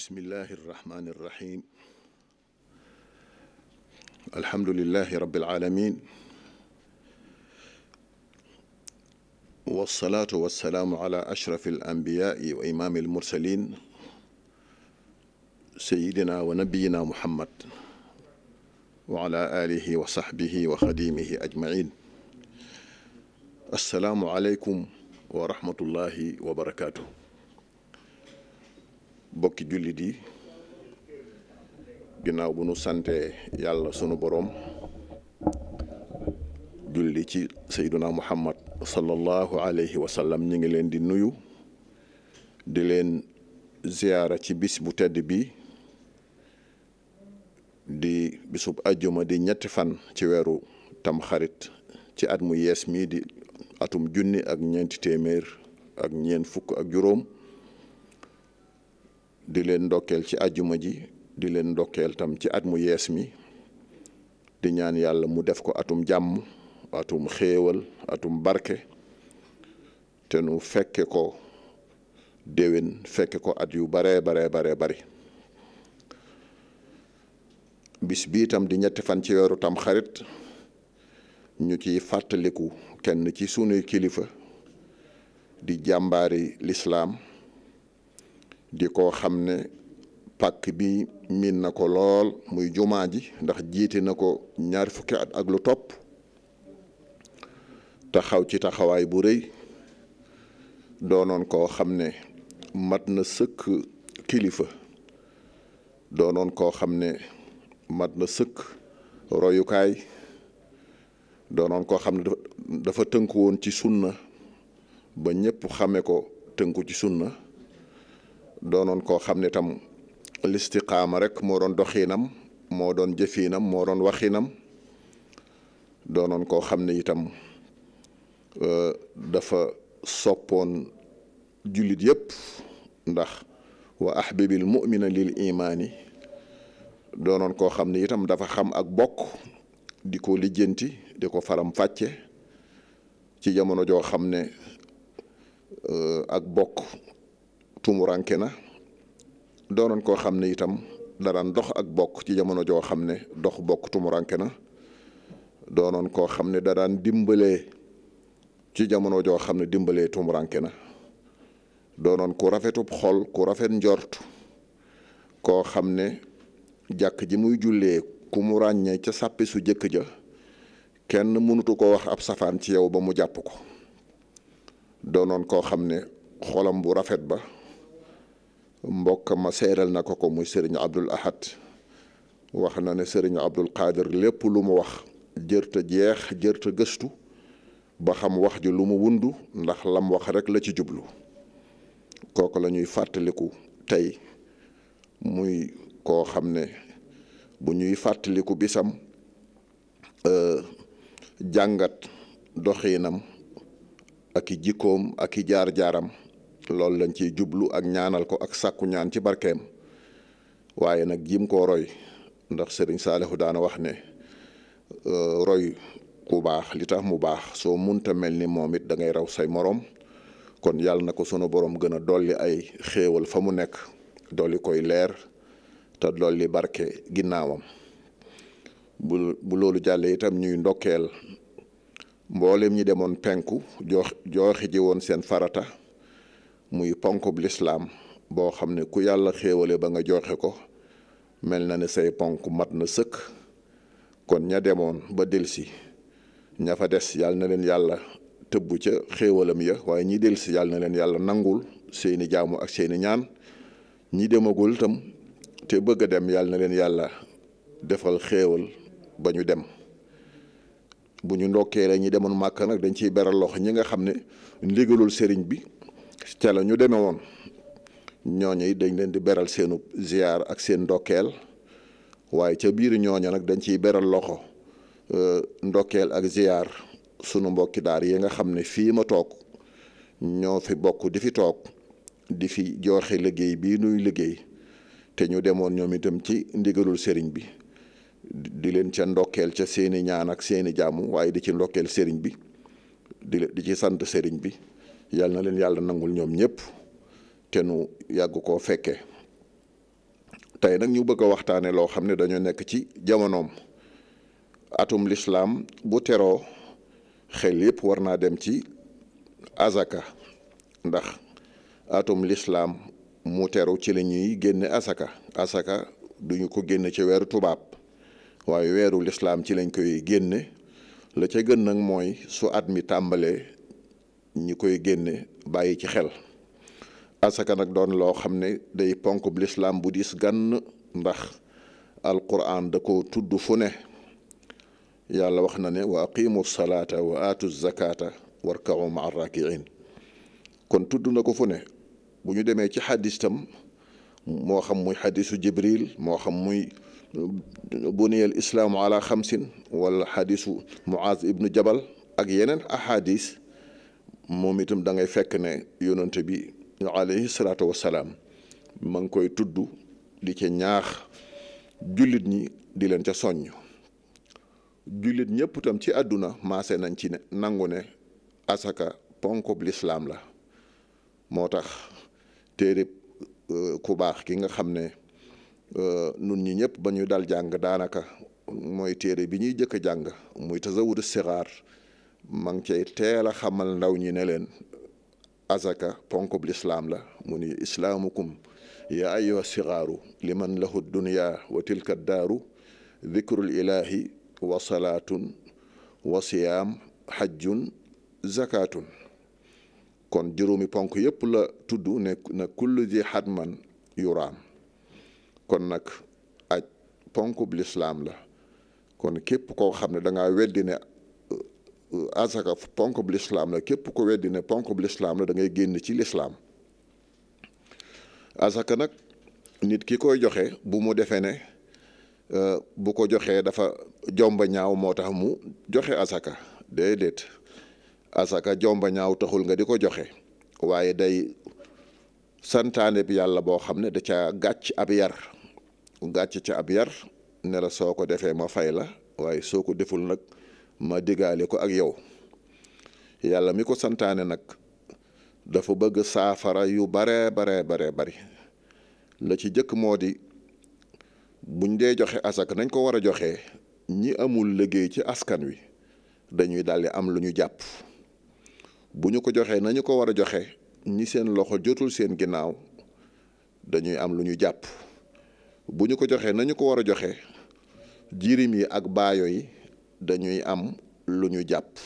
bismillahi irrahmani irrahim alhamdulilahi rabilalamin walsalaatu walsalaamu ala ashraf alambiyai wa imaami almursalin sayidina wa nabiyina muhammad wa ala alihi wa saxbihi wa xadimihi ajmain assalaamu aleykum wa rahmatullahi wa barakatuh bokki jullit yi ginnaaw bu nu sante yàlla sunu boroom julli ci sayduna muhammad sallallahu alayhi wa sallam ñu ngi leen di nuyu di leen ziyaara ci bis bu tedd bi di bisub àjjuma di ñetti fan ci weeru tamxarit ci at mu yees mii di atum junni ak ñeenti téeméer ak ñeent fukk ak juróom di leen ndokkeel ci àjjuma ji di leen ndokkeel tam ci at mu yees mi di ñaan yàlla mu def ko atum jàmm atum xéewal atum barke te nu fekke ko déwén fekke ko at yu baree baree baree bari bis bii tam di ñetti fan ci weeru tam xarit ñu ciy fàttaliku kenn ci sunuy kilifa di jàmbaari lislaam di ko xam ne pàkk bi miin na ko lool muy jumaa ji ndax jiite na ko ñaari fukki at ak lu topp taxaw ci taxawaay bu rëy doonoon koo xam ne mat na sëkk kilifa doonoon koo xam ne mat na sëkk royukaay doonoon koo xam ne dafa tënku woon ci sunna ba ñépp xamee ko tënku ci sunna doonoon koo xam ne tam listiqaama rek moo doon doxinam moo doon jëfiinam moo doon waxinam doonoon koo xam ne itam euh, dafa soppoon jullit yépp ndax wa ahbibil mu'mina lil imaani doonoon koo xam ne itam dafa xam ak bokk di ko lijjanti di ko faram fàcce ci jamono joo xam ne euh, ak bokk tumuranke na doonoon koo xam ne itam daraan dox ak bokk ci jamono joo xam ne dox bokk tumuranke na doonoon koo xam ne daraan dimbalee ci jamono joo xam ne dimbalee tumuranke na doonoon ku rafetub xol ku rafet njort koo xam ne jàkk ji muy jullee ku mu ràññee ca sàppi su jëkk ja kenn mënutu ko wax ab safaan ci yow ba mu jàpp ko doonoon koo xam ne xolam bu rafet ba mbokk ma seeral na ko ko muy sëriñ Abdul Ahad wax na ne sëriñ Abdul Qadir lépp lu mu wax jërta jeex jërta gëstu ba xam wax ji lu mu wundu ndax lam wax rek la ci jublu kooku la ñuy fàttaliku tey muy koo xam ne bu ñuy fàttaliku bisam euh, jàngat doxiinam ak i jikkoom ak i jaar-jaaram loolu lañ ciy jublu ak ñaanal ko ak sàkku ñaan ci barkeem waaye nag jim ko roy ndax sëriñ Saalihu daana wax ne euh, roy ku baax li tax mu baax soo munta mel ni moom it da ngay raw say moroom kon yàlla na ko sunu borom gën a dolli ay xéewal fa mu nekk dolli koy leer te dolli barke ginnaawam bu loolu jàllee itam ñuy ndokkeel mboolem ñi demoon penku joox jooxi ji woon seen farata muy ponkub lislaam boo xam ne ku yàlla xéewale ba nga joxe ko mel na ne say ponk mat na sëkk kon ña demoon ba delsi ña fa des yàlla na leen yàlla tëbb ca xéewalam ya waaye ñi delsi yàlla na leen yàlla nangul seeni jaamu ak seeni ñaan ñi demagul tam te bëgg a dem yàlla na leen yàlla defal xéewal ba ñu dem bu ñu ndokkee la ñi demoon màkk nag dañ ciy beral loxo ñi nga xam ne ndigalul sëriñ bi te la ñu demee woon ñooñu it dañ leen di beral seenu ziar ak seen ndokkeel waaye ca biir ñooño nag dañ ciy beral loxo euh, ndokkeel ak ziar sunu mbokki daar yi nga xam ne fii ma toog ñoo fi bokk di fi toog di fi jooxe liggéey bii nuy liggéey te ñu demoon ñoom itam ci ndigalul sëriñ bi di leen ca ndokkeel ca seeni ñaan ak seeni jàmm waaye di ci ndokkeel sëriñ bi di di ci sant sëriñ bi yàlla na leen yàlla nangul ñoom ñëpp te nu yàgg koo fekke tey nag ñu bëgg a waxtaanee loo xam ne dañoo nekk ci jamonoom atum lislaam bu teroo xel yépp war naa dem ci asaka ndax atum lislaam mu teru ci la ñuy génne asaka asaka duñu ko génne ci weeru tubaab waaye weeru lislaam ci lañ koy génne la ca gën nag mooy su at mi tàmbalee ñi koy génne bàyyi ci xel asaka nag doon loo xam ne day ponk bu lislaam bu diis gann ndax alquran da ko tudd fu ne yàlla wax na ne wa aqimu salaata wa aatu zakata warkau maa rakiin kon tudd na ko fu ne bu ñu demee ci xadis tam moo xam muy xadisu jibril moo xam muy euh, buniyal islaamu ala xamsin wala xadisu muaz ibnu jabal ak yeneen ahadis moom itam da ngay fekk ne yonante bi alayhi salaatu wasalaam ma ngi koy tudd di ca ñaax jullit ñi di leen ca soññ jullit ñëpp tam ci àdduna maase nañ ci ne nangu ne asaka ponk lislaam la moo tax téere euh, ku baax ki nga xam ne euh, nun ñi ñëpp ba ñuy dal jàng daanaka mooy téere bi ñuy jëkk jàng muy tasawudu sixaar ma ngi cay teel xamal ndaw ñi ne leen azaka ponkub lislaam la mu ni islaamukum ya ayyuha sigaaru liman lahu dunya wa tilka daaru dikrul ilahi wa salaatun wa siyaam xajjun zakatun kon juróomi ponk yépp la tudd ne na kullu ji xatman yuraam kon nag aj ponkub lislaam la kon képp koo xam ne danga weddi ne Euh, asaka ponk bu lislaam la képp ko weddi ne ponk bu lislaam la da génn ci lislaam asaka nag nit ki koy joxe bu mu defee ne euh, bu ko joxee dafa jomba ñaaw moo tax mu joxe asaka déedéet asaka jomba ñaaw taxul nga di ko joxe waaye day santaane bi yàlla boo xam ne da ca gàcc ab yar gàcc ca ab yar ne soo ko defee ma fay la waaye soo ko deful nag ma digaale ko ak yow yàlla mi ko santaane nag dafa bëgg saafara yu bare bare baree bari la ci jëkk moo di buñ dee joxe asaka nañ ko war a joxe ñi amul liggéey ci askan wi dañuy daldi am lu ñu jàpp bu ñu ko joxee nañu ko war a joxe ñi seen loxo jotul seen ginnaaw dañuy am lu ñu jàpp bu ñu ko joxee nañu ko war a joxe jirim yi ak baayo yi dañuy am lu ñu jàpp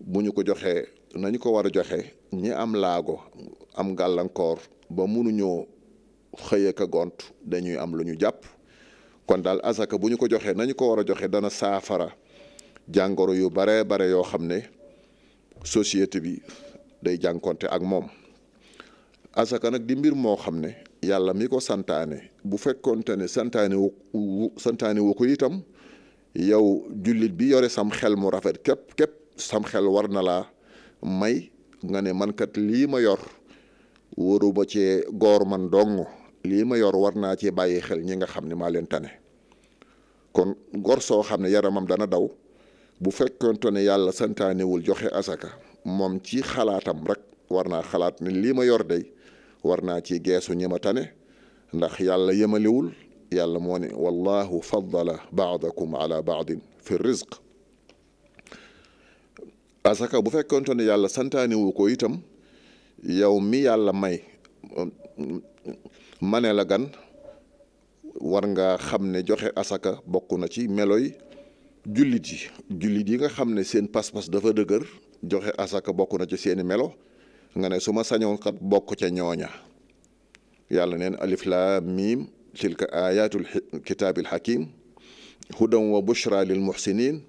bu ñu ko joxee nañu ko war a joxe ñi am laago am gàllankoor ba mënuñoo xëy ak a gont dañuy am lu ñu jàpp kon daal asaka bu ñu ko joxee nañu ko war a joxe dana saafara jàngoro yu bare bare yoo xam ne société bi day jànkonte ak moom asaka nag di mbir moo xam ne yàlla mi ko santaane bu fekkoonte ne santaane wu santaane wu ko itam yow jullit bi yore sam xel mu rafet képp képp sam xel war na laa may nga ne mankat kat lii ma yor waruma ci goor man dong lii ma yor war naa cee bàyyi xel ñi nga xam ne maa leen tane kon gor soo xam ne yaramam dana daw bu fekkonte ne yàlla santaanewul joxe asaka moom ci xalaatam rek war naa xalaat ne lii ma yor day war naa ci geesu ñi ma tane ndax yàlla yemalewul yàlla moo ne wallahu faddala baadakum ala baadin fi rizq asaka bu fekkonte ne yàlla santaane wu ko itam yow mi yàlla may mane la gan war nga xam ne joxe asaka bokk na ci meloy jullit yi jullit yi nga xam ne seen pas-pas dafa dëgër joxe asaka bokk na ci seeni melo nga ne suma ma sañoon kat bokk ca ñooña yàlla neen alif laam miim tilka ayatul kitaabil hakim hudan wa bushra lil muhsinin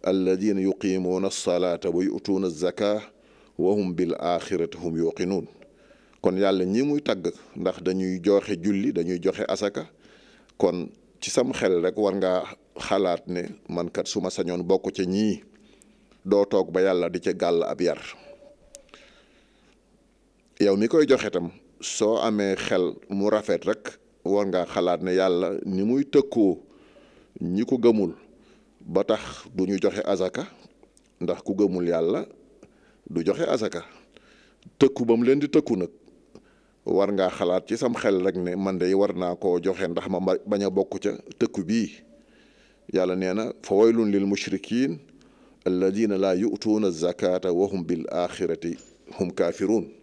alladina yuqimuuna alsalata wa yutuuna alzaka wa hum bil axirati hum yuqinuun kon yàlla ñi muy tagg ndax dañuy joxe julli dañuy joxe asaka kon ci sam xel rek war ngaa xalaat ne man kat su ma sañoon bokk ca ñii doo toog ba yàlla di ca gàll ab yar yow mi koy joxe tam soo amee xel mu rafet rek war ngaa xalaat ne yàlla ni muy tëkkoo ñi ko gëmul ba tax du ñu joxe azaka ndax ku gëmul yàlla du joxe azaka tëkku ba mu leen di tëkku nag war ngaa xalaat ci sam xel rek ne man de war naa koo joxe ndax ma bañ a bokk ca tëkku bii yàlla nee na fa waylun lil mushrikin na laa yu'tuuna zakata wa hum bil axirati hum kafirun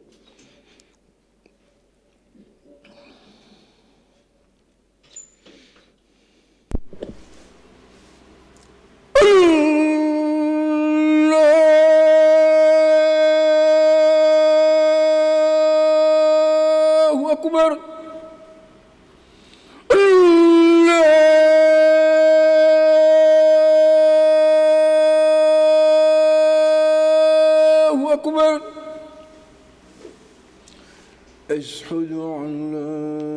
أكبر الله أكبر أشهد أن لا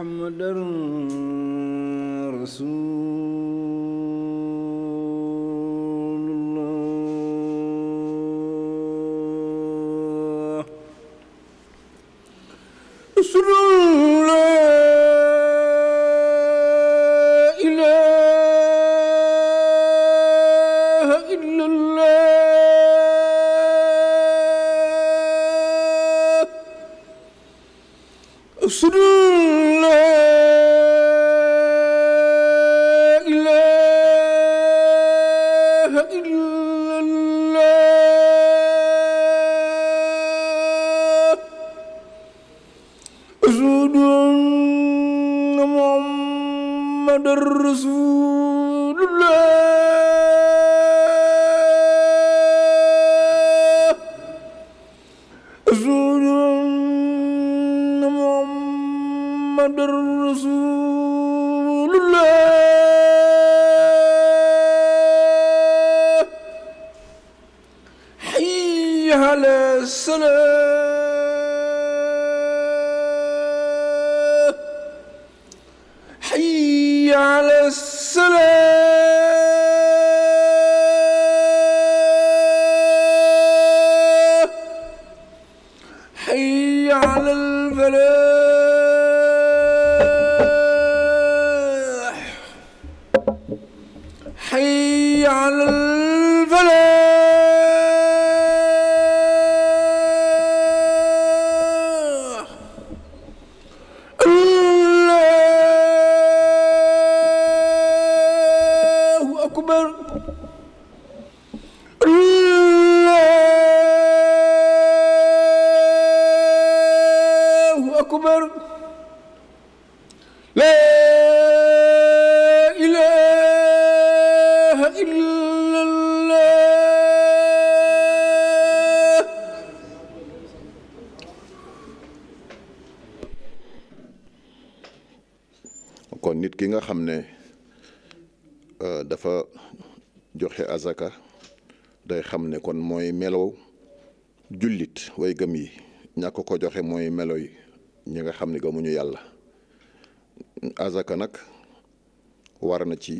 محمد رسول حي على الفلاح xam ni gëmuñu yàlla azaka nag war na ci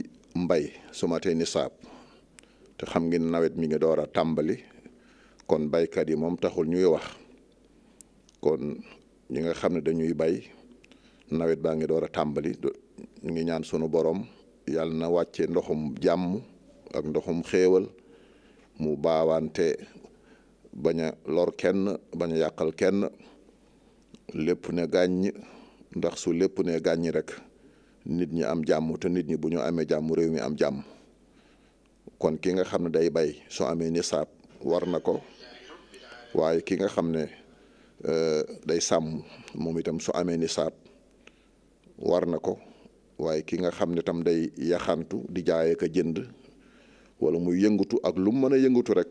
mbay su matee nisaab te xam ngeen nawet mi ngi door a tàmbali kon baykat yi moom taxul ñuy wax kon ñi nga xam ne dañuy bay nawet baa ngi door a tàmbali ñu ngi ñaan sunu borom yàlla na wàcce ndoxum jàmm ak ndoxum xéewal mu baawante bañ a lor kenn bañ a yàqal kenn lépp ne gàññ ndax su lépp ne gàññ rek nit ñi am jàmm te nit ñi bu ñu amee jàmm réew mi am jàmm kon ki nga xam ne day bay soo amee nisaab war na ko waaye ki nga xam ne euh, day sàmm moom itam su amee nisaab war na ko waaye ki nga xam ne tam day yaxantu di jaayee ka jënd wala muy yëngatu ak lu mu mën a yëngatu rek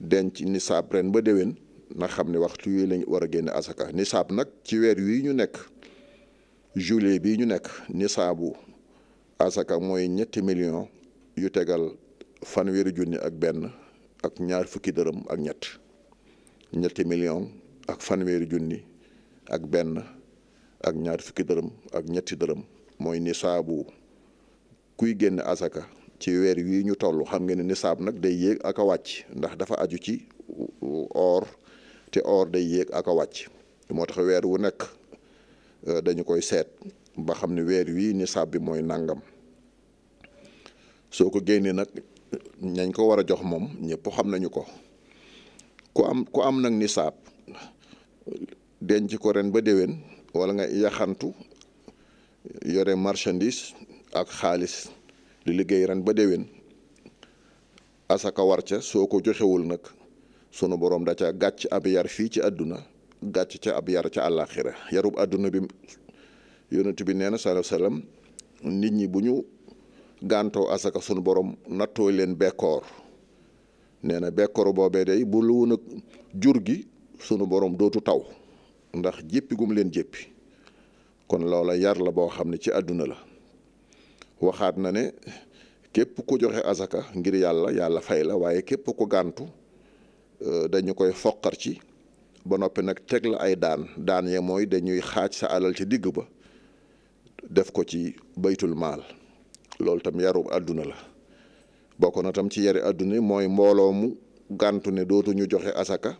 denc nisaab ren ba déwén na xam ne waxtu yooyu lañ war a génne asaka nisaab nag ci weer wi ñu nekk juillet bi ñu nekk nisaabu asaka mooy ñetti million yu tegal fanweeri junni ak benn ak ñaar fukki dërëm ak ñetti million ak fanweeri junni ak benn ak ñaar fukki dërëm ak ñetti dërëm mooy nisaabu kuy génn asaka ci weer wi ñu toll xam ngeen ne nisaab nag day yéeg ak a wàcc ndax dafa aju ci or te or day yéeg ak a wàcc moo tax weer wu nekk euh, dañu koy seet ba xam ne weer wii nisaab bi mooy nangam soo ko génnee nag ñañ ko war a jox moom ñëpp xam nañu ko ku am ku am nag nisaab denc ko ren ba déwén wala nga yaxantu yore marchandise ak xaalis di liggéey ren ba déwén asaka war ca soo ko joxewul nag. sunu borom da ca gàcc ab yar fii ci àdduna gàcc ca ab yar ca àllaaxira yarub àdduna bi yonent bi nee na sallallahu alayhi nit ñi bu ñu gàntoo asaka sunu borom nattoo leen bekkoor nee na bekkoor boobee day bu lu woon ak jur gi sunu borom dootu taw ndax jéppi gum leen jéppi kon loola yar la boo xam ne ci àdduna la waxaat na ne képp ku joxe asaka ngir yàlla yàlla fay la waaye képp ku gàntu Euh, dañu koy foqar ci ba noppi nag teg la ay daan daan ya mooy dañuy xaaj sa alal ci digg ba def ko ci baytul maal loolu tam yaru àdduna la bokk na tam ci yari àdduna mooy mbooloo mu gàntu ne dootuñu joxe asaka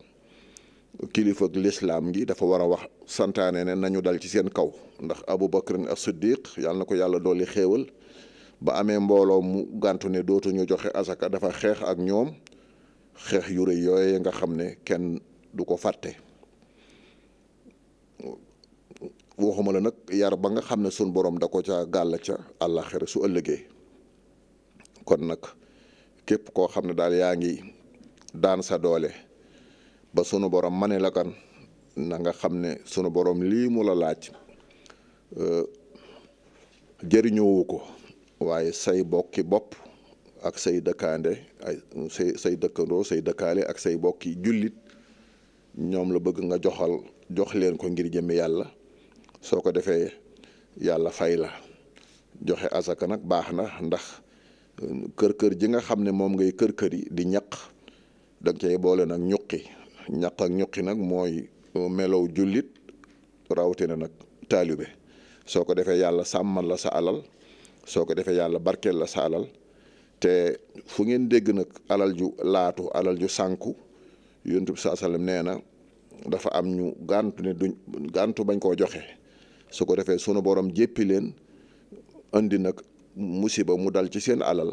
kilifa ak lislaam gi dafa war a wax santaane ne nañu dal ci seen kaw ndax Abu Bakrin as-Siddiq yàlla na ko yàlla dolli xéewal ba amee mbooloo mu gàntu ne dootuñu joxe asaka dafa xeex ak ñoom xeex yu rëy yooye nga xam ne kenn du ko fàtte waxuma la nag yar ba nga xam ne sun borom da ko ca gàll ca àllaaxira su ëllëgee kon nag képp koo xam ne daal yaa ngi daan sa doole ba sunu borom mane la kan na nga xam ne sunu boroom lii mu la laaj euh, jëriñoowu ko waaye say bokki bopp ak say dëkkaande ay say dëkkandoo say dëkkaale ak say bokki jullit ñoom la bëgg nga joxal jox leen ko ngir jëmmi yàlla soo ko defee yàlla fay la joxe asaka nag baax na ndax kër kër ji nga xam ne moom ngay kër kër yi di ñaq danga cay boole nag ñuqi ñaq ak ñuqi nag mooy melow jullit rawatina nag taalibe soo ko defee yàlla sàmmal la sa alal soo ko defee yàlla barkeel la sa alal te fu ngeen dégg nag alal ju laatu alal ju sànku yonent bi saa nee na dafa am ñu gàntu ne duñ gàntu bañ koo joxe su ko defee sunu borom jéppi leen indi nag musiba mu dal ci seen alal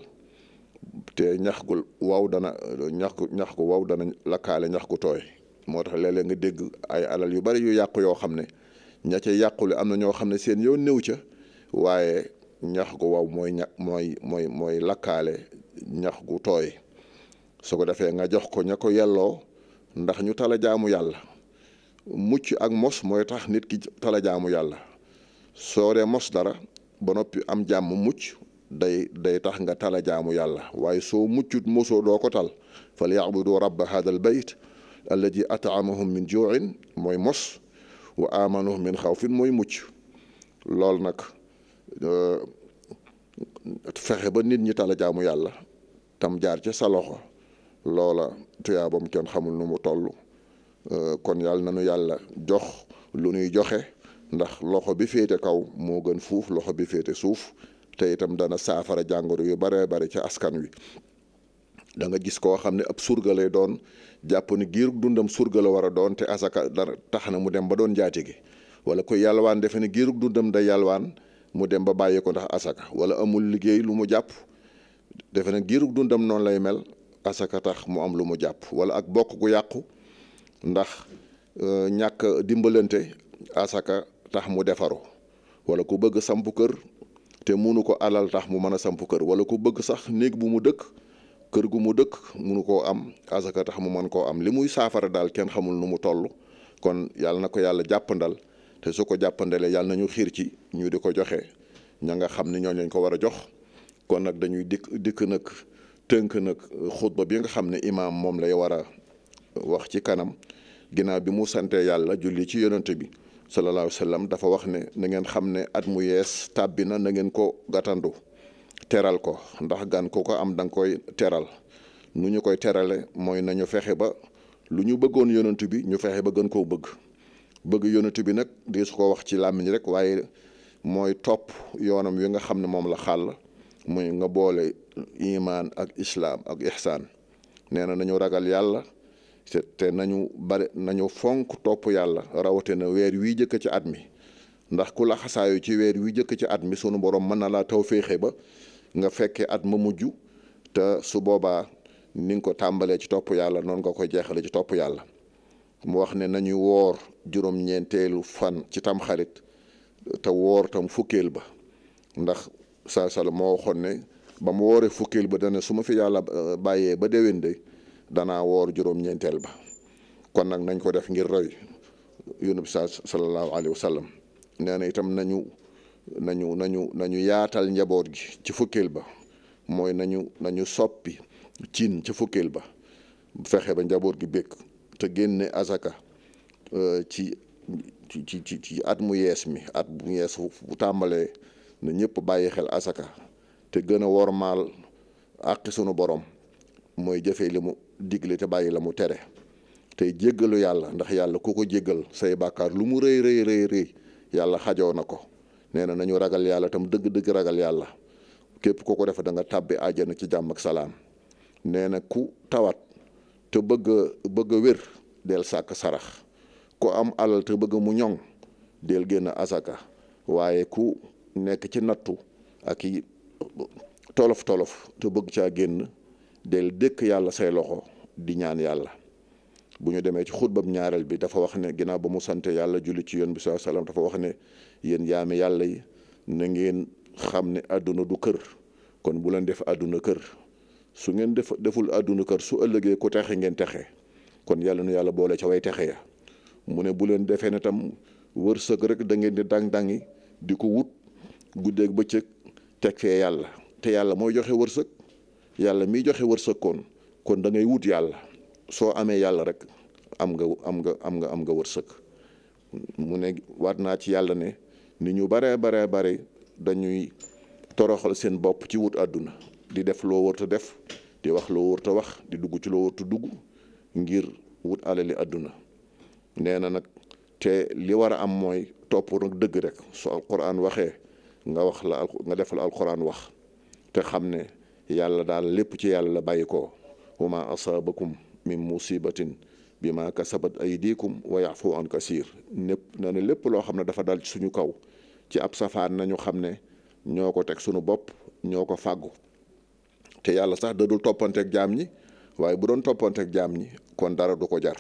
te ñax gu waw dana ñax gu ñax gu waw dana lakkaale ñax gu tooy moo tax léeg nga dégg ay alal yu bari yu yàqu yoo xam ne ña ca yàqule am na ñoo xam ne seen yow néew ca waaye ñax gu waw mooy ña mooy mooy mooy lakkaale ñax gu tooy su ko defee nga jox ko ña ko yelloo ndax ñu tala jaamu yàlla mucc ak mos mooy tax nit ki tala jaamu yàlla soo mos dara ba noppi am jàmm mucc day day tax nga tala jaamu yàlla waaye soo muccu mosoo doo ko tal fal ya'budu rabba hadal bayt alladi at'amahum min ju'in mooy mos wa amanohum xaw xawfin mooy mucc lool nag Euh, fexe ba nit ñi a jaamu yàlla tam jaar ci sa loxo loola tuyaabam kenn xamul nu mu toll euh, kon yàlla nu yàlla jox lu nuy joxe ndax loxo bi féete kaw moo gën fuuf loxo bi féete suuf te itam dana saafara jàngoro yu baree bari ci askan wi da gis koo xam ne ab surga lay doon jàpp ni giir dundam surga la war a doon te asaka dara tax na mu dem ba doon njaati gi wala ko yàlwaan defe ne giirug dundam da yàlwaan mu dem ba bàyyi ko ndax asaka wala amul liggéey lu mu jàpp defe na giirug dundam noonu lay mel asaka tax mu am lu mu jàpp wala ak bokk gu yàqu ndax euh, ñàkk dimbalante asaka tax mu defaru wala ku bëgg samp kër te munu ko alal mu mën a samp kër wala ku bëgg sax néeg bu mu dëkk kër gu mu dëkk munu koo am asaka tax mu mën koo am li muy saafara daal kenn xamul nu mu toll kon yàlla na ko yàlla jàppandal te su ko jàppandalee yàlla nañu xiir ci ñu di ko joxe ña nga xam ni ñoo lañ ko war a jox kon nag dañuy dikk dikk nag tënk nag xutba bi nga xam ne imaam moom lay war a wax ci kanam ginnaaw bi mu santee yàlla julli ci yonante bi sallallahu alayhi wa dafa wax ne na ngeen xam ne at mu yees tàbbi na na ngeen ko gàttandu teral ko ndax gan ko ko am da nga koy teral nu ñu koy terale mooy nañu fexe ba lu ñu bëggoon yonant bi ñu fexe ba gën koo bëgg bëgg yonent bi nag di su ko wax ci làmmiñ rek waaye mooy topp yoonam wi nga xam ne moom la xàll muy nga boole imaan ak islaam ak ihsaan nee na nañu ragal yàlla te te nañu bari nañu fonk topp yàlla rawatina weer wii jëkk ci at mi ndax ku la xasaayu ci weer wi jëkk ci at mi sunu borom mën na laa taw féexe ba nga fekkee at ma mujj te su boobaa ni ko tàmbalee ci topp yàlla noon nga koy jeexale ci topp yàlla mu wax ne nañu woor juróom-ñeenteelu fan ci tam xarit te woor tam fukkeel ba ndax saa sala moo waxoon ne ba mu wooree fukkeel ba dana su ma fi yàlla eh, bàyyee ba déwén de danaa woor juróom-ñeenteel ba kon nag nañ ko def ngir roy yónni bi saa sallallahu alayhi wa sallam nee itam nañu nañu nañu nañu yaatal njaboot gi ci fukkeel ba mooy nañu nañu soppi cin ci fukkeel ba fexe ba njaboot gi békk te génne azaka. Euh, ci ci ci ci at mu yees mi at mu yees bu tàmbalee na ñëpp bàyyi xel asaka te gën a wormaal àqi sunu borom mooy jëfee li mu digle te bàyyi la mu tere te jéggalu yàlla ndax yàlla ku ko jéggal say bàkkaar lu mu rëy rëy rëy yàlla xajoo na ko nee na nañu ragal yàlla tam dëgg-dëgg ragal yàlla képp ku ko def da nga tàbbi àjjana ci jàmm ak salaan nee na ku tawat te bëgg bëgg a wér del sàkk sarax ku am alal te bëgg mu ñoŋ del génn asaka waaye ku nekk ci nattu ak i tolof tolof te bëgg caa génn del dëkk yàlla say loxo di ñaan yàlla bu ñu demee ci xutbam ñaareel bi dafa wax ne ginnaaw ba mu sante yàlla julli ci yoon bi saa salaam dafa wax ne yéen jaami yàlla yi na ngeen xam ne àdduna du kër kon bu leen def àdduna kër su ngeen def deful àdduna kër su ëllëgee ku texe ngeen texe kon yàlla nu yàlla boole ca way texe ya mu ne bu leen defee ne tam wërsëg rek da ngeen di dang-dangi di ko wut guddeeg bëccëg teg fee yàlla te yàlla mooy joxe wërsëg yàlla miy joxe wërsëg kon kon dangay wut yàlla soo amee yàlla rek am nga am nga am nga am nga wërsëg mu ne waat naa ci yàlla ne ni ñu baree baree bare dañuy toroxal seen bopp ci wut àdduna di def loo wërta def di wax loo wërta wax di dugg ci loo wërta dugg ngir wut alali àdduna nee na nag te li war a am mooy topp nag dëgg rek su alquran waxee nga wax la nga def la alquran wax te xam ne yàlla daal lépp ci yàlla la bàyyi ko wa ma asaabakum min musibatin bii ma kasabat aydikum wa yafu an kasir népp na lépp loo xam ne dafa dal ci suñu kaw ci ab safaan nañu xam ne ñoo ko teg suñu bopp ñoo ko fàggu te yàlla sax da dul jaam ñi waaye bu doon toppanteek jaam ñi kon dara du ko jar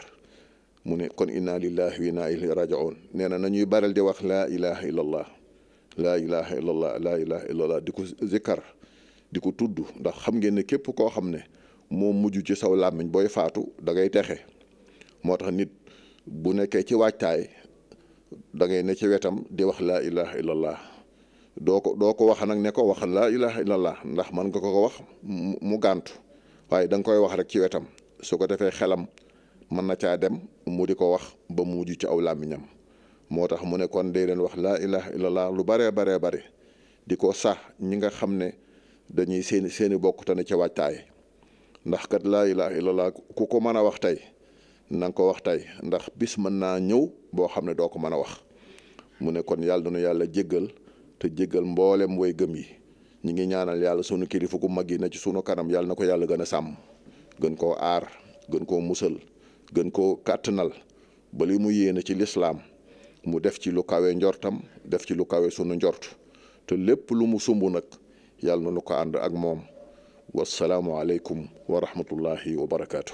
mu ne kon inna lillahi wa inna ilayhi rajiun nee na ñuy baral di wax laa ilaha illallah laa ilaha illallah laa ilaha illallah di ko zikkar di ko tudd ndax xam ngeen ne képp koo xam ne moo mujj ci saw làmmiñ booy faatu da texe moo tax nit bu nekkee ci waajtaay da ne ci wetam di wax laa ilaha illallah doo ko doo ko wax nag ne ko wax laa ilaha illallah ndax man nga ko wax mu gànt waaye danga koy wax rek ci wetam su ko defee xelam mën na caa dem mu di ko wax ba mu mujj ci aw làmmiñam moo tax mu ne kon day leen wax laa ilaha illallah lu baree baree bare di ko sax ñi nga xam ne dañuy seeni seeni bokk te ne ca waajtaay ndax kat laa ilaha illallah ku ko mën a wax tey na ko wax tey ndax bis mën naa ñëw boo xam ne doo ko mën a wax mu ne kon yàlla dunu yàlla jéggal te jéggal mboolem way gëm yi ñi ngi ñaanal yàlla sunu kilifa gu mag yi na ci sunu kanam yàlla na ko yàlla gën a sàmm gën koo aar gën koo musal gën koo kàttanal ba li mu yéene ci lislaam mu def ci lu kawe njortam def ci lu kawe sunu njort te lépp lu mu sumb nag yàlla na lu ko ànd ak moom wasalaamualeykum wa rahmatullahi wa barakaatu.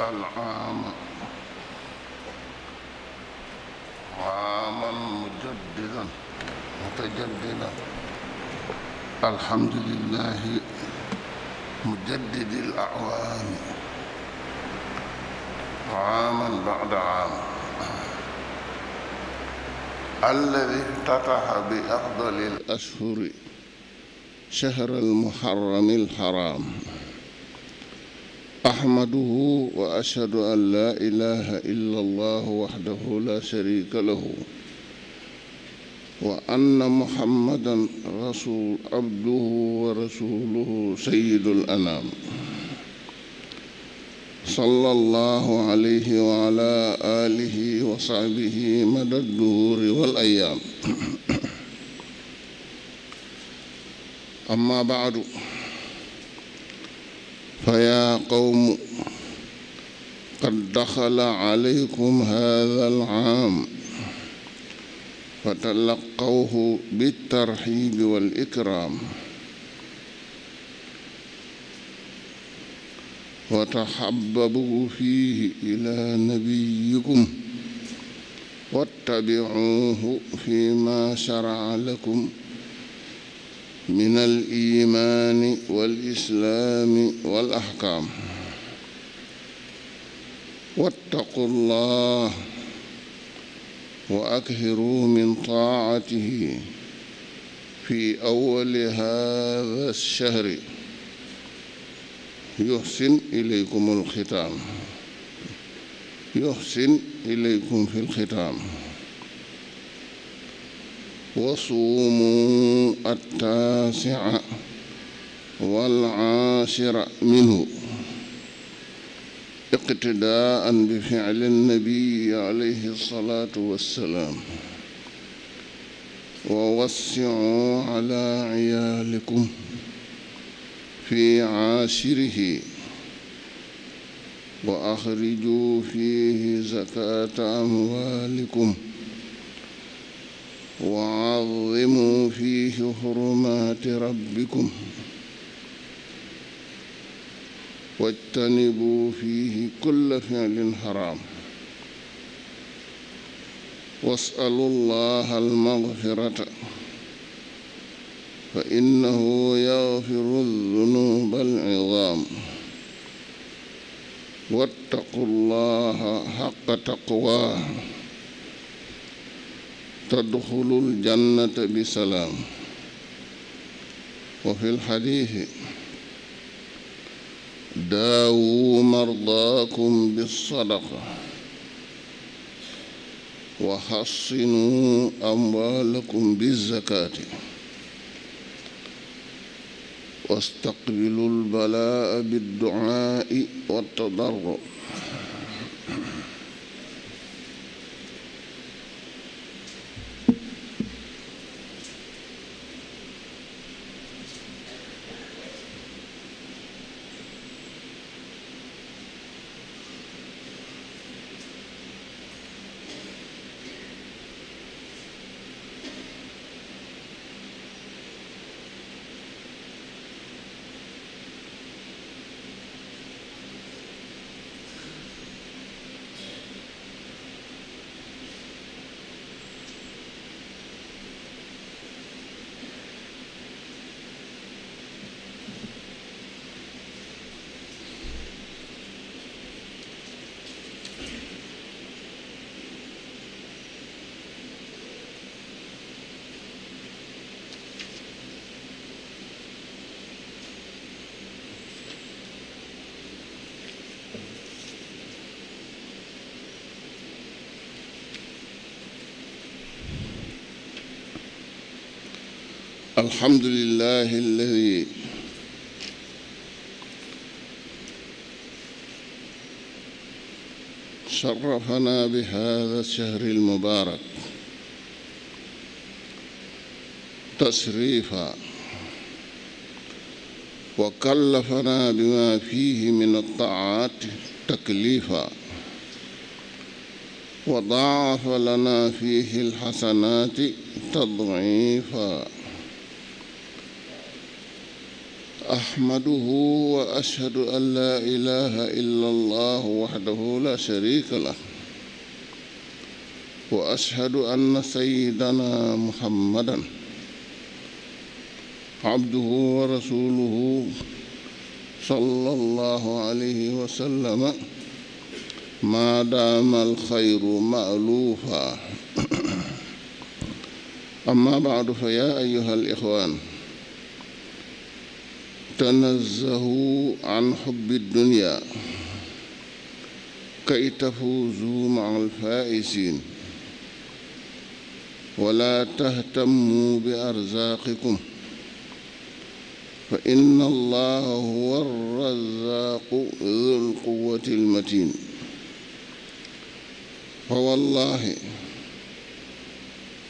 العام عاما مجددا متجددا الحمد لله مجدد الأعوام عاما بعد عام الذي افتتح بأفضل الأشهر شهر المحرم الحرام أحمده وأشهد أن لا إله إلا الله وحده لا شريك له وأن محمدا رسول عبده ورسوله سيد الأنام صلى الله عليه وعلى آله وصحبه مدى الدهور والأيام أما بعد فيا qawmu qad daxala calaykum haada alcaam fatalaqawhu biltarxibi walikraam wa taxababuu fiihi ilaa nabiyikum wattabicuuhu fi ma sharaca lakum من الإيمان والإسلام والأحكام واتقوا الله وأكثروا من طاعته في أول هذا الشهر يحسن إليكم الختام يحسن إليكم في الختام وصوموا التاسع والعاشر منه اقتداء بفعل النبي عليه الصلاة والسلام ووسعوا على عيالكم في عاشره وأخرجوا فيه زكاة أموالكم وعظموا فيه حرمات ربكم واجتنبوا فيه كل فعل حرام واسألوا الله المغفرة فإنه يغفر الذنوب العظام واتقوا الله حق تقواه tadxulul jannata bi salaam wa fi lxadiisi daawu mardaakum bisadaqa wa xassinu amwaalakum bizakaati wastaqbilul balaa bidduaai wattadarru الحمد لله الذي شرفنا بهذا الشهر المبارك تشريفا وكلفنا بما فيه من الطاعات تكليفا وضاعف لنا فيه الحسنات تضعيفا احمده واشهد ان لا اله الا الله وحده لا شريك له واشهد ان سيدنا محمدا عبده ورسوله صلى الله عليه وسلم ما دام الخير مالوفا اما بعد فيا ايها الاخوان tanazzahu an xubbi dunya kay tafuuzu maa alfaisiin wala tahtammu bi arzaaqikum fa inna allaha huwa arrazaaqu dul quwati almatin fa wallahi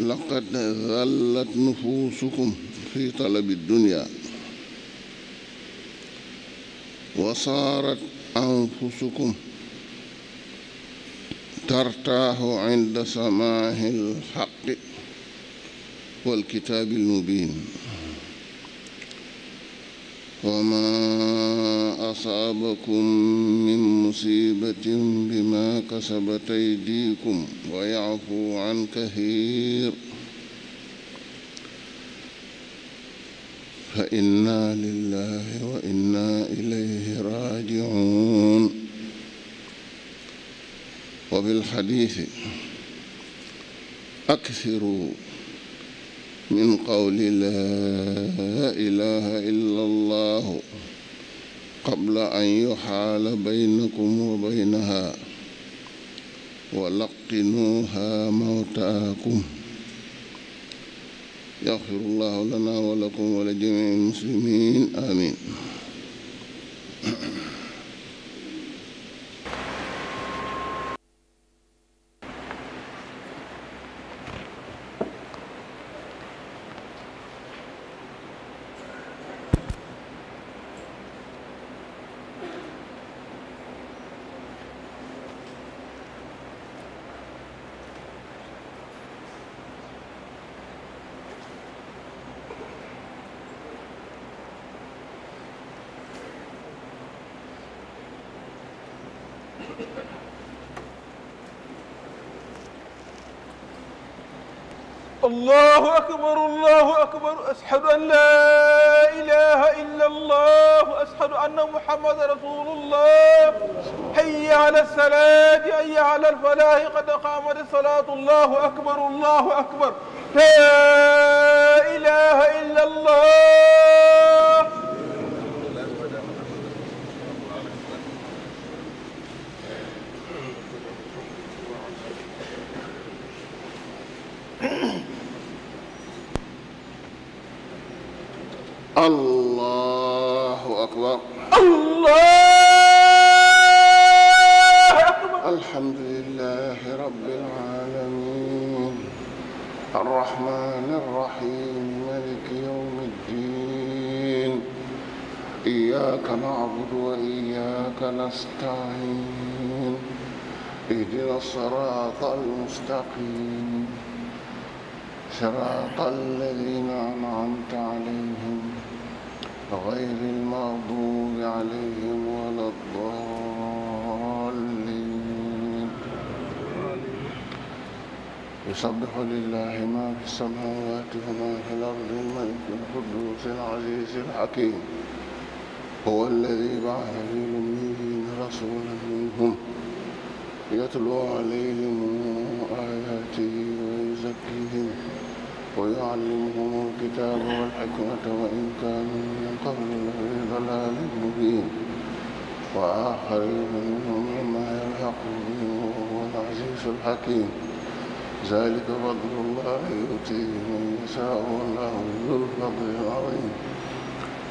laqad zallat nufuusukum fi talabi dunya wasaarat anfusukum tartaaxu inda samaahi alxaqi walkitaabi almubiin wamaa asaabakum min musiibatin bimaa kasabat aydiikum wa yacfu an kahiir fa inna lillahi wa inna ilayhi rajiun wa bilxadisi aksiru min qawli laa ilaha illa allahu qabla an yuxaala baynakum wa baynaha wa laqinuuha mawtaakum يغفر الله لنا ولكم ولجميع المسلمين آمين allahu akbar allahu akbar ashadu an laa ilaha illa allah ashadu anna muhammadan rasulullah hayya ala salaati hayya ala alfalaahi qad qaamat salaatu allahu akbar allahu akbar laa ilaha illa allah إياك نعبد وإياك نستعين اهدنا الصراط المستقيم صراط الذين أنعمت عليهم غير المغضوب عليهم ولا الضالين يسبح لله ما في السماوات وما في الأرض الملك القدوس العزيز الحكيم هو الذي بعث في الأميين رسولا منهم يتلو عليهم آياته ويزكيهم ويعلمهم الكتاب والحكمة وإن كانوا من قبل لفي ضلال مبين وآخرين منهم لما يلحق بهم وهو العزيز الحكيم ذلك فضل الله يؤتيه من يشاء والله ذو الفضل العظيم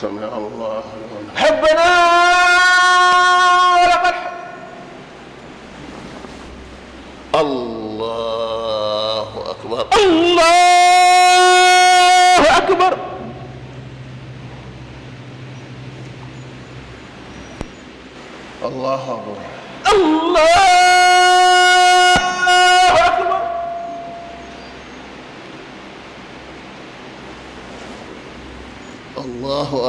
سمع الله لمن حبنا ولقد الله أكبر الله أكبر الله أكبر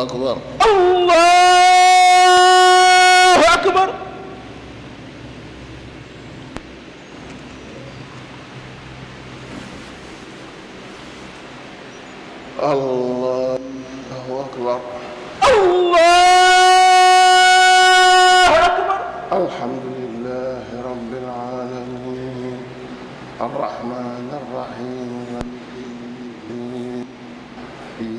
akbar allahu akbar allahu akbar allahu akbar alhamdulillahi rabbil alamin arrahman arrahim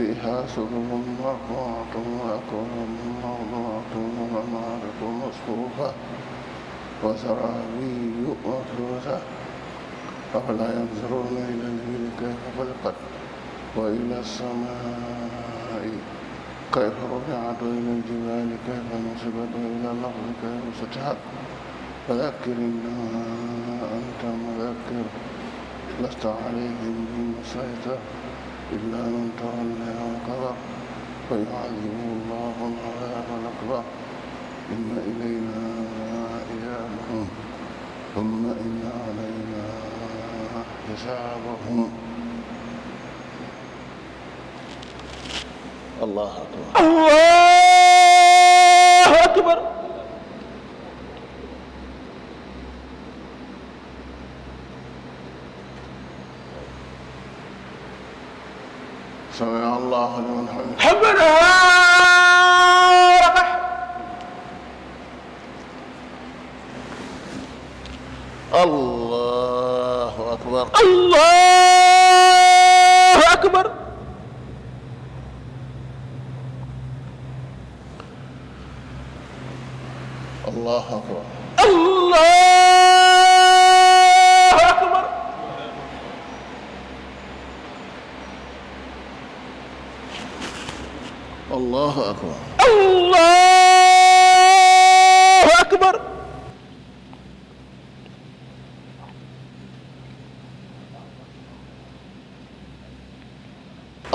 فيها سبل مرضاة وأكواب موضوعة ومعارف مصفوفة وزرابي مبثوثة أفلا ينظرون إلى الإبل كيف خلقت وإلى السماء كيف رفعت وإلى الجبال كيف نصبت وإلى الأرض كيف سطحت فذكر إنما أنت مذكر لست عليهم بمسيطر إلا من تولى وكفر فيعذبه الله العذاب الأكبر ثم إلينا إيابهم ثم إن علينا حسابهم الله أكبر الله أكبر الله لمن حمده حبنا ربح الله أكبر الله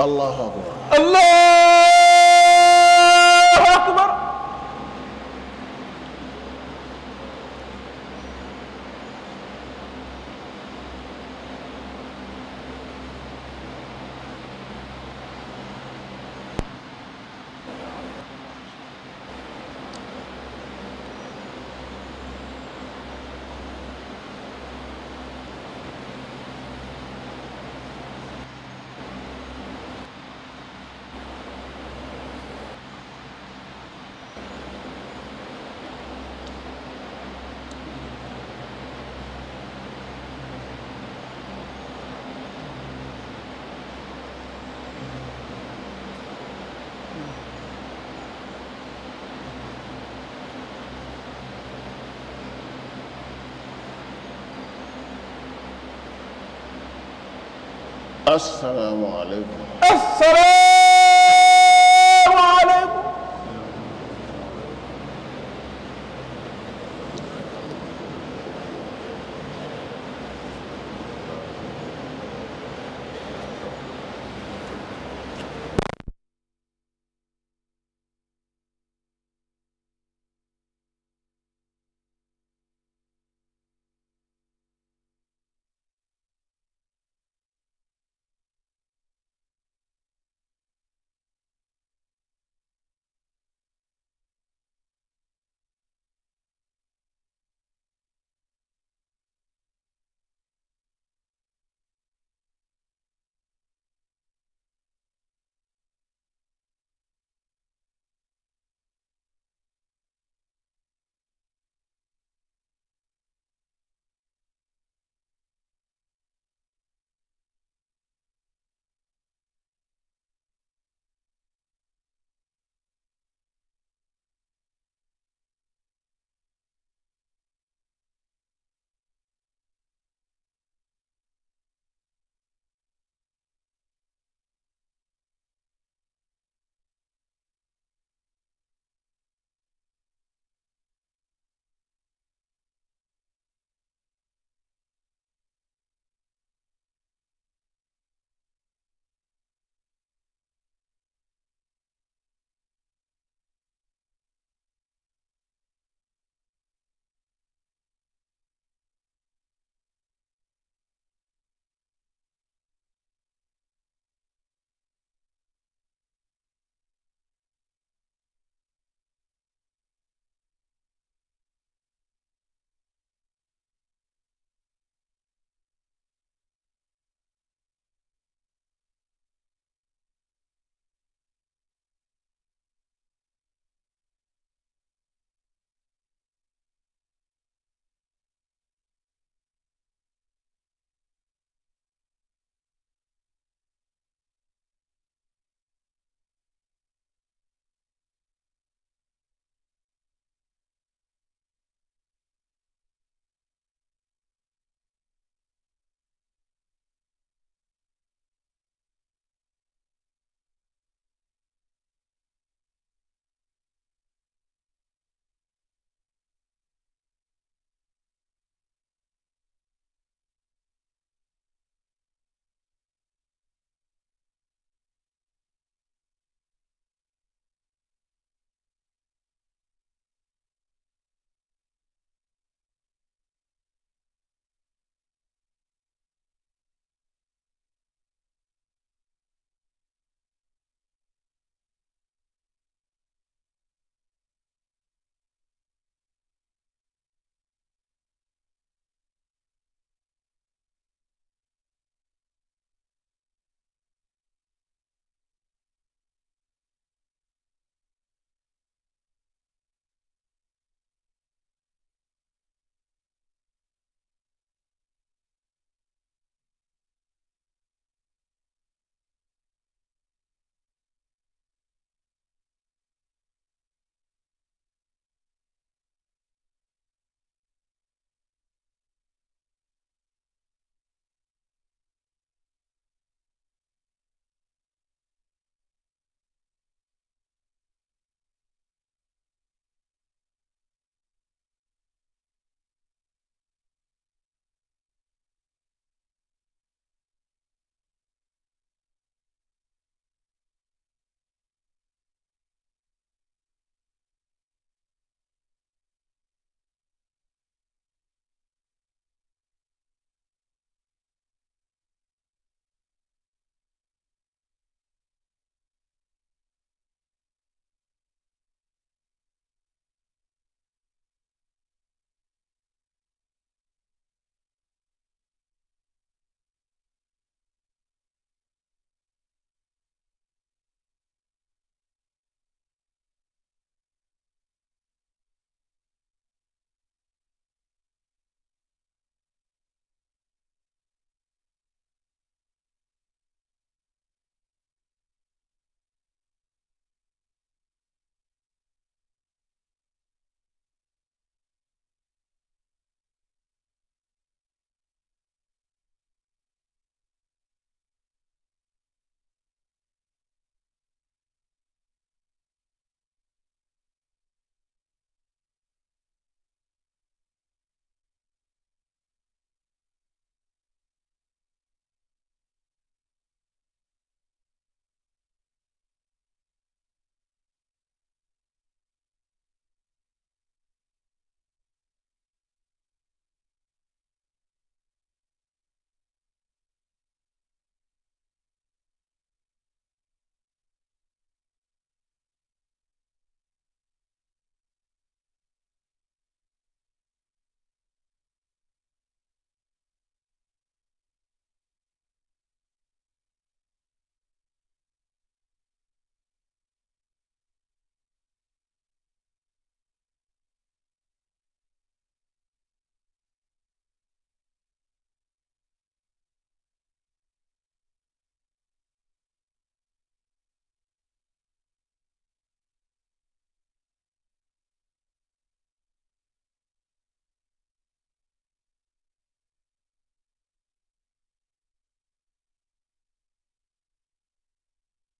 allahu akbar allah assalaamu aleykum